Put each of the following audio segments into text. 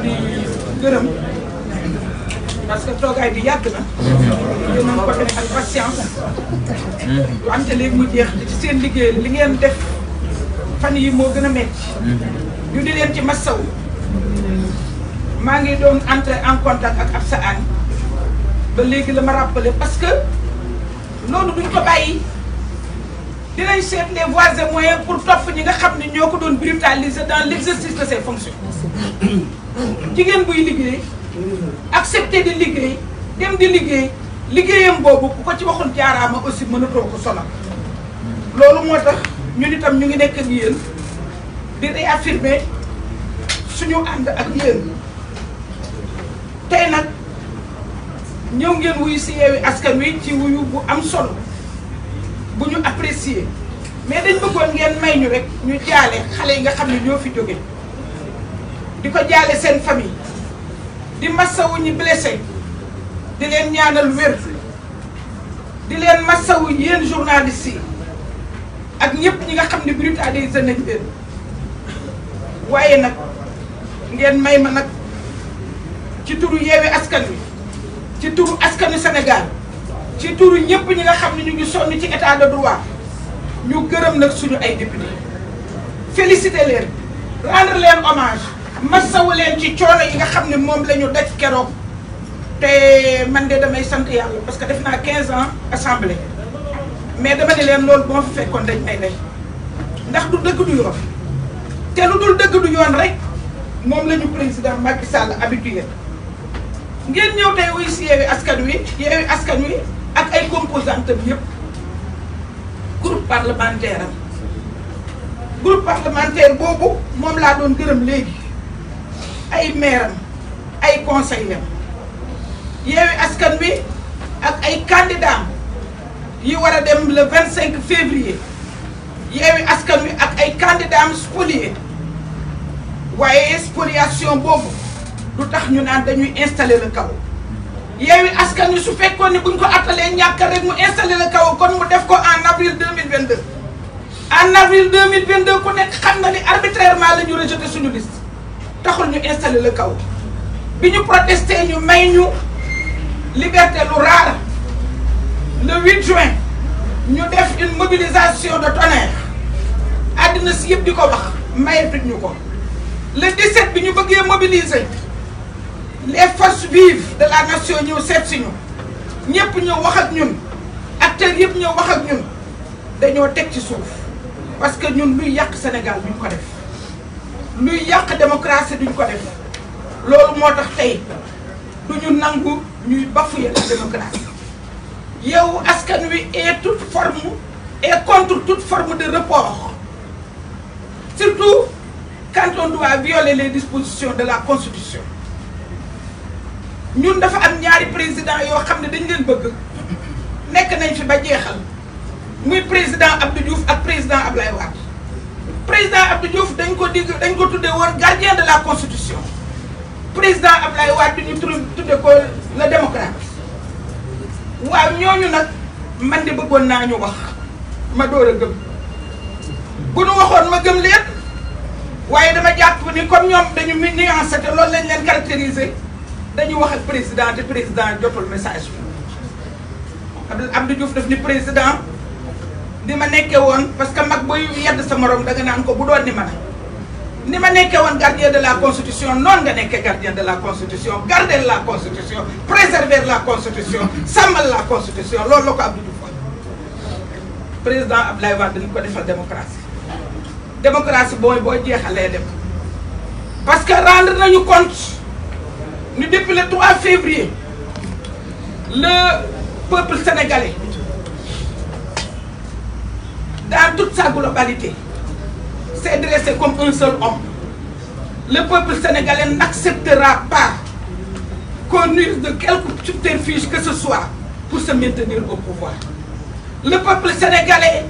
leen di gërëm parce que toogaay bi yàgg na. ñu mën ko def ak patience. lu am te léegi mu jeex ci seen liggéey li ngeen def fan yi moo gën a metti ñu di leen ci massaw maa ngi doon entrer en contact ak Absa Anne ba léegi la ma rappeler parce que loolu duñ ko bàyyi dinañ seet les voies et moyens pour topp ñi nga xam ne ñoo ko doon brutaliser dans l' exercice de ses fonctions. jigéen buy liggéey accepté di liggéey dem di liggéey liggéeyam boobu ku ko ci waxoon jaaraama aussi mënatoo ko sonal loolu moo tax ñu itam ñu ngi nekk ak yéen di réaffirmer suñu ànd ak yéen tey nag ñëw ngeen wuyu si yeewi askan wi ci wuyu bu am solo bu ñu apprécier mais dañ bëggoon ngeen may ñu rek ñu jaale xale yi nga xam ne ñoo fi jóge di ko jaale seen famille di massawu ñi blessé di leen ñaanal wér di leen massawu yéen journalistes yi ak ñëpp ñi nga xam ne brut adhésion nañ leen waaye nag ngeen may ma nag ci turu yeewi askan wi ci turu askanu senegal ci turu ñëpp ñi nga xam ne ñu ngi sonn ci état de droit ñu gërëm nag suñu ay député féliciter leen rendre leen hommage masawu leen ci coono yi nga xam ne moom la ñu daj keroog te man de damay sant yàlla parce que def naa 15 ans assemblée mais dama ne leen loolu boo fi fekkoon dañ may lay ndax du dëgg du yoon te lu dul dëgg du yoon rek moom la ñu président Macky Sall habitué ngeen ñëw tey wuy yeewi askan wi yeewi askan wi ak ay composantes bi yëpp groupe parlementaire am groupe parlementaire boobu moom laa doon gërëm léegi. ay mairam ay conseillers Yewwi Askan Wi ak ay candidats yi war a dem le 25 février Yewwi Askan Wi ak ay candidats spoliés waaye spoliation boobu lu tax ñu naan dañuy installer le chaos Yewwi Askan Wi su fekkoon ni buñ ko attalee ñàkk rek mu installer le chaos kon mu def ko en avril 2022 en avril 2022 ku nekk xam na ni arbitrairement la ñu rejeté suñu liste. taxul ñu installé la kaw bi ñu protesté ñu may ñu liberté lu rare le 8 juin def une mobilisation de tonnerre àddina si yëpp di ko wax mayetuñu ñu ko le 17 bi ñu bëggee mobiliser les forces vives de la nation ñëw seet si ñu ñëpp ñëw wax ak ñun acteurs yëpp ñëw wax ak ñun dañoo teg ci suuf parce que ñun luy yàq Sénégal buñ ko def luy yàq démocratie duñ ko def loolu moo tax tey duñu nangu ñuy bafouer la démocratie yow askan wi est toute et contre toute form de report surtout quand on doit les dispositions de la constitution ñun dafa am ñaari président yoo xam ne dañ leen bëgg nekk nañ fi ba jeexal muy président Abdou Diouf ak président Ablaye Wade président Abdou Diouf dañ ko digg dañ ko tuddee woon gardien de la constitution président Ablaye Wade bi ñu tudde ko le démocrate waaw ñooñu nag man di bëggoon naa ñu wax ma door a gëm bu nu waxoon ma gëm leer waaye dama jàpp ni comme ñoom dañu mi nuancé te loolu lañ leen caractériser dañu wax ak président te président jotul message bi Abdou Diouf daf ni président ni ma nekkee woon parce que mag buy yedd sa morom danga naan ko bu doon ni man ni ma nekkee woon gardien de la constitution noonu nga nekkee gardien de la constitution garder la constitution préserver la constitution sàmmal la constitution loolu la ko Abdou Diouf président Abdoulaye Wade dañu ko defal démocratie démocratie booy boo jeexalee dem parce que rendre nañu compte ñu depuis le 3 février le peuple sénégalais toute sa globalité s'est dressé comme un seul homme. Le peuple sénégalais n'acceptera pas qu'on de quelque subterfuge que ce soit pour se maintenir au pouvoir. Le peuple sénégalais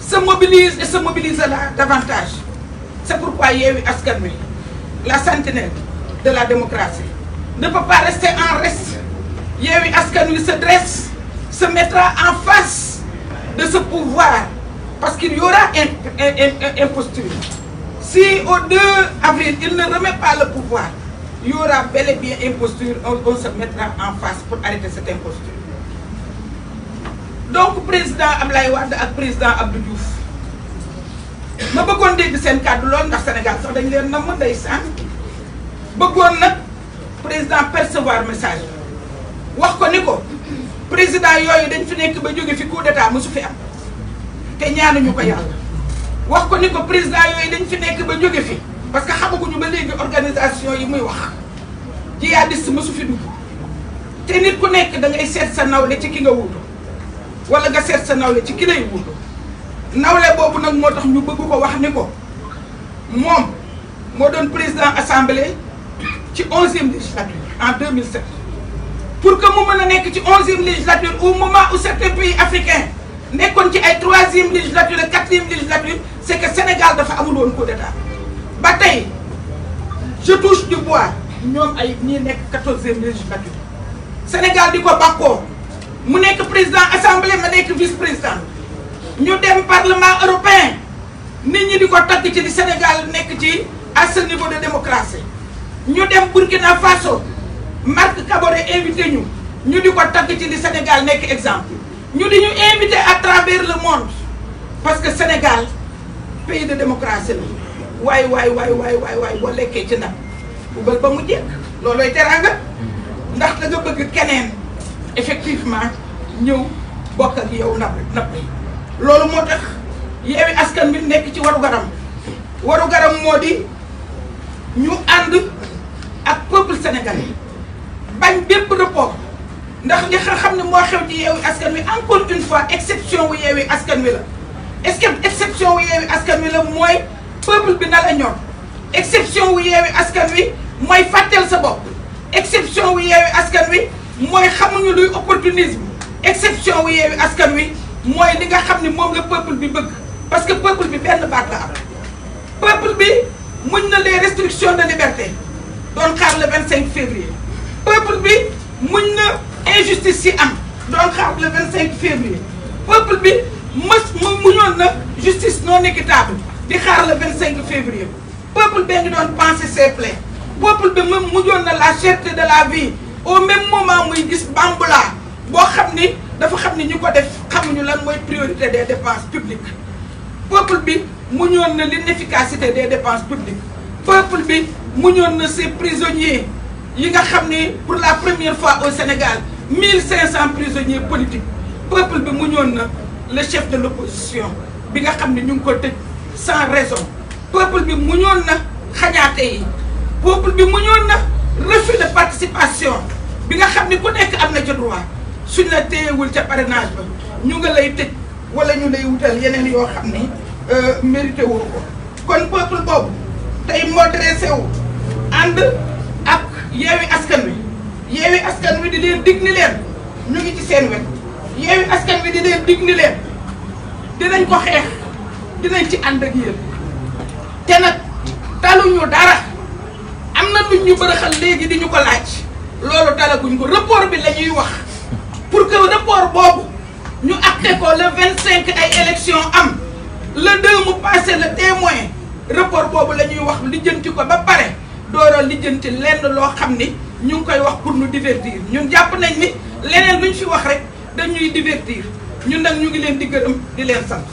se mobilise et se mobilisera davantage. C'est pourquoi Yewwi Askan Wi, la sentinelle de la démocratie, ne peut pas rester en reste. Yewwi Askan Wi se dresse, se mettra en face de ce pouvoir parce que y aura imposture. Si au 2 avril, il ne remet pas le pouvoir, il y aura bel et bien imposture, on, on se en face pour arrêter cette imposture. Donc, président Ablaye Wade ak président Abdou Diouf ma bëggoon dégg seen kàddu lool ndax Sénégal sax dañu leen namm ndeysaan bëggoon nag président percevoir message wax ko ni ko président yooyu dañ fi nekk ba jóge fi coup d'état su fi am. te ñaanuñu ko yàlla wax ko ni ko président yooyu dañ fi nekk ba jóge fi parce que xamaguñu ba léegi organisation yi muy wax jihadiste mësu fi dugg te nit ku nekk da ngay seet sa nawle ci ki nga wuutu wala nga seet sa nawle ci ki lay wuutu nawle boobu nag moo tax ñu bëgg ko wax ni ko moom moo doon président assemblée ci onzième législature en 2007 pour que mu mën a nekk ci onzième législature au moment où certains pays africain nekkoon ci ay troisième législature ak quatrième législature c' est que Sénégal dafa amul woon coup d' état ba tey je touche du bois ñoom ay ñii nekk quatorzième législature Sénégal di ko bàkkoo mu nekk président assemblée ma nekk vice président ñu dem parlement européen nit ñi di ko tagg ci di Sénégal nekk ci à ce niveau de démocratie ñu dem Burkina Faso Marc Kaboré invité ñu ñu di ko tagg ci di Sénégal nekk exemple ñu di ñu invité à travers le monde parce que Sénégal pays de démocratie la waaye waay waay waay waaye waay boo lekkee ci nag buggal ba mu jekk loolooy teraanga ndax da nga bëgg keneen effectivement ñëw bokk ak yow nab nab bi loolu moo tax yeewi askan bi nekk ci waru garam waru garam moo di ñu ànd ak peuple sénégalais bañ bépp report ndax li nga xam ne moo xew ci yeewi askan wi encore une fois exception wu yeewi askan wi la est-ce que exception wu yeewi askan wi la mooy peuple bi na la ñor exception wu yeewi askan wi mooy fàtteel sa bopp exception wu yeewi askan wi mooy xamuñu luy opportunisme exception wu yeewi askan wi mooy li nga xam ni moom la peuple bi bëgg parce que peuple bi benn baat la am peuple bi muñ na les restrictions de liberté doon xaar le 25 février peuple bi muñ na injustice yi am doon xaar le 25 février peuple bi mës mu muñoon na justice non équitable di xaar le 25 février peuple bee ngi doon penser ses plaies peuple bi mu mujjoon na la cherté de la vie au même moment muy gis bambula boo xam ni dafa xam ni ñu ko def xamuñu lan mooy priorité des dépenses publique peuple bi muñoon na l'inefficacité des dépenses publiques peuple bi muñoon na ses prisonniers yi nga xam ni pour la première fois au Sénégal 1500 prisonniers politiques peuple bi mu ñoon na le chef de l' bi nga xam ne ñu ngi ko tëj sans raison peuple bi mu ñoon na xañaate yi peuple bi mu ñoon na refus de participation bi nga xam ni ku nekk am na ci droit suñ la téyewul ca parrainage ba ñu nga lay tëj wala ñu lay wutal yeneen yoo xam ni euh, mérité woo ko kon peuple boobu tey moo dressé wu ànd yeewi askan wi yeewi askan wi di leen dig ni leen ñu ngi ci seen wet yeewi askan wi di leen dig ni leen dinañ ko xeex dinañ ci ànd ak yéen te nag taluñu dara am na lu ñu bërëxal léegi di ñu ko laaj loolu dalaguñ ko report bi la ñuy wax pour que report boobu ñu acté ko le vingt cinq ay élection am le deux mu passé le témoin report boobu la ñuy wax li jënti ko ba pare door a lijjanti lenn loo xam ni ñu ngi koy wax pour nu divertir ñun jàpp nañ ni leneen ñu fi wax rek dañuy divertir ñun nag ñu ngi leen di gërëm di leen sant.